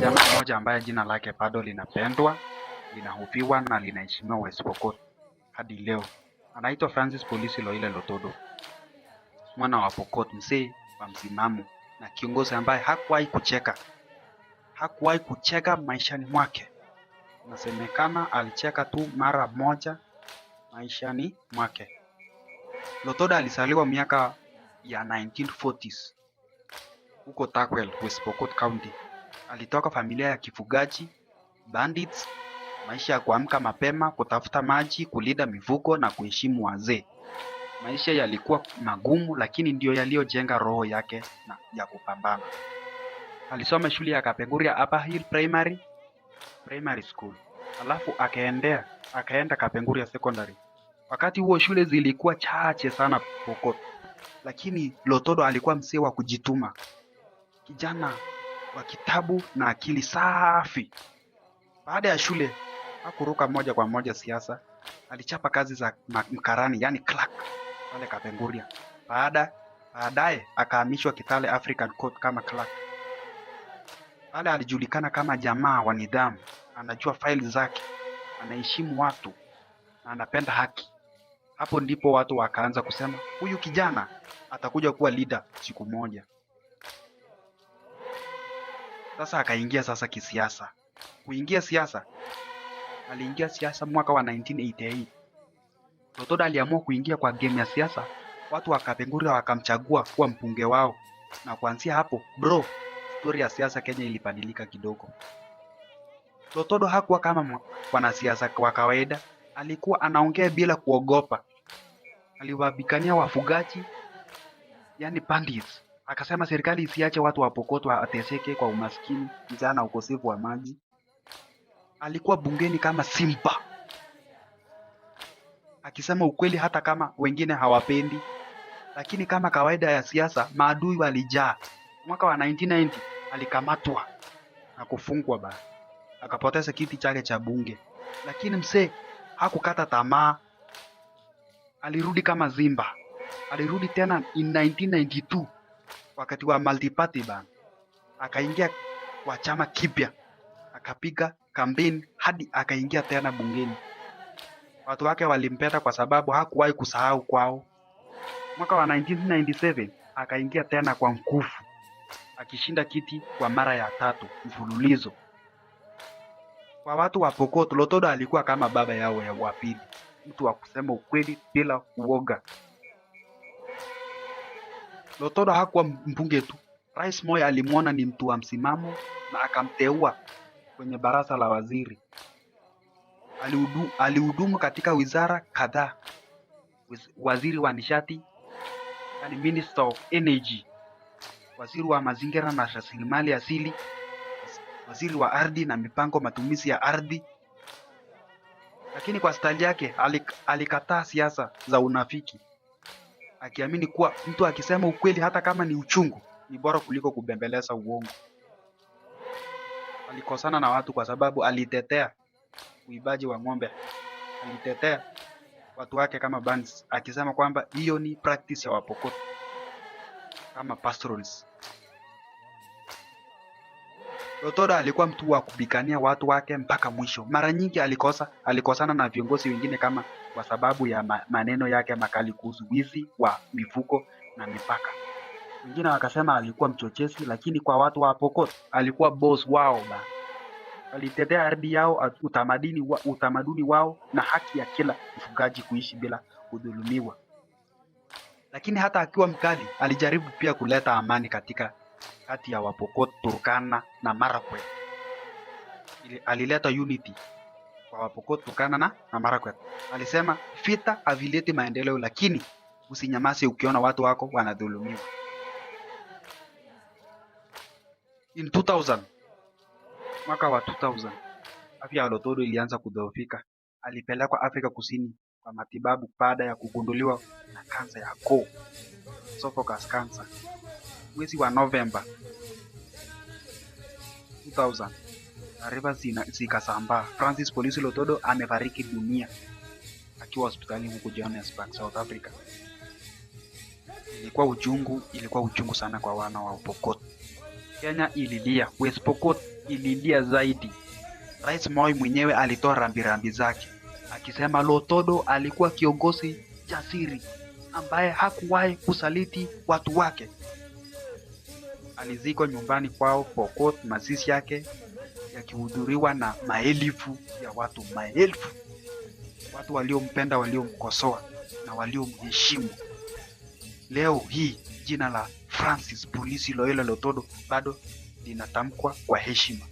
jamaa mmoja ambaye jina lake bado linapendwa, linahupiwa na linaheshimiwa West Pokot hadi leo. Anaitwa Francis Polisi Loile Lotodo, mwana wa Pokot, mzee wa msimamo na kiongozi ambaye hakuwahi kucheka, hakuwahi kucheka maishani mwake. nasemekana alicheka tu mara moja maishani mwake. Lotodo alizaliwa miaka ya 1940s huko Turkwell, West Pokot County. Alitoka familia ya kifugaji bandits, maisha ya kuamka mapema, kutafuta maji, kulinda mifugo na kuheshimu wazee. Maisha yalikuwa magumu, lakini ndiyo yaliyojenga roho yake na ya kupambana. Alisoma shule ya Kapenguria Upper Hill Primary, Primary School, alafu akaendea akaenda Kapenguria Secondary. Wakati huo shule zilikuwa chache sana Pokot lakini Lotodo alikuwa msee wa kujituma, kijana wa kitabu na akili safi. Baada ya shule hakuruka moja kwa moja siasa, alichapa kazi za mkarani, yani clerk pale Kapenguria. Baada baadaye akahamishwa Kitale African Court kama clerk. Pale alijulikana kama jamaa wa nidhamu, anajua faili zake, anaheshimu watu na anapenda haki. Hapo ndipo watu wakaanza kusema huyu kijana atakuja kuwa leader siku moja. Sasa akaingia sasa kisiasa. Kuingia siasa, aliingia siasa mwaka wa 1988. Totoda aliamua kuingia kwa game ya siasa, watu wakapengura, wakamchagua kuwa mpunge wao, na kuanzia hapo bro, stori ya siasa Kenya ilibadilika kidogo. Totodo hakuwa kama mwanasiasa kwa kawaida alikuwa anaongea bila kuogopa. Aliwabikania wafugaji, yani pandis, Akasema serikali isiache watu wapokotwa wateseke kwa umaskini, njaa na ukosefu wa maji. Alikuwa bungeni kama simba, akisema ukweli hata kama wengine hawapendi. Lakini kama kawaida ya siasa, maadui walijaa. Mwaka wa 1990 alikamatwa na kufungwa ba, akapoteza kiti chake cha bunge, lakini msee hakukata tamaa, alirudi kama Zimba, alirudi tena in 1992 wakati wa multiparty ban, akaingia kwa chama kipya, akapiga kampeni hadi akaingia tena bungeni. Watu wake walimpenda kwa sababu hakuwahi kusahau kwao. Mwaka wa 1997 akaingia tena kwa nguvu, akishinda kiti kwa mara ya tatu mfululizo kwa watu wa Pokot, Lotodo alikuwa kama baba yao ya wa pili, mtu wa kusema ukweli bila uoga. Lotodo hakuwa mbunge tu, Rais Moi alimwona ni mtu wa msimamo na akamteua kwenye baraza la waziri. Alihudumu, katika wizara kadhaa, waziri wa nishati, yani Minister of Energy, waziri wa mazingira na rasilimali asili waziri wa ardhi na mipango matumizi ya ardhi, lakini kwa stali yake alik, alikataa siasa za unafiki, akiamini kuwa mtu akisema ukweli hata kama ni uchungu ni bora kuliko kubembeleza uongo. Alikosana na watu kwa sababu alitetea uibaji wa ng'ombe, alitetea watu wake kama bans, akisema kwamba hiyo ni practice ya wapokoti kama pastoralists. Lotoro alikuwa mtu wa kupigania watu wake mpaka mwisho. Mara nyingi alikosa alikosana na viongozi wengine kama kwa sababu ya maneno yake makali kuhusu wizi wa mifuko na mipaka. Wengine wakasema alikuwa mchochezi, lakini kwa watu wa Pokot alikuwa boss wao ba. Alitetea ardhi yao, utamaduni wa, utamaduni wao na haki ya kila mfugaji kuishi bila kudhulumiwa. Lakini hata akiwa mkali, alijaribu pia kuleta amani katika kati ya Wapokot, Turkana na Marakwet. Alileta unity kwa Wapokot, Turkana na, na Marakwet. Alisema vita havileti maendeleo, lakini usinyamase ukiona watu wako wanadhulumiwa. In 2000 mwaka wa 2000 afya ya Lotodo ilianza kudhoofika. Alipelekwa Afrika Kusini kwa matibabu baada ya kugunduliwa na kansa ya koo, esophagus cancer mwezi wa Novemba 2000 taarifa zikasambaa, Francis Polisi Lotodo amefariki dunia akiwa hospitali huko Johannesburg, South Africa. Ilikuwa uchungu, ilikuwa uchungu sana kwa wana wa Pokot. Kenya ililia, West Pokot ililia zaidi. Rais Moi mwenyewe alitoa rambirambi zake akisema Lotodo alikuwa kiongozi jasiri ambaye hakuwahi kusaliti watu wake alizikwa nyumbani kwao Pokot. Mazishi yake yakihudhuriwa na maelfu ya watu, maelfu watu waliompenda, waliomkosoa na waliomheshimu. Leo hii jina la Francis Polisi Loyola Lotodo bado linatamkwa kwa heshima.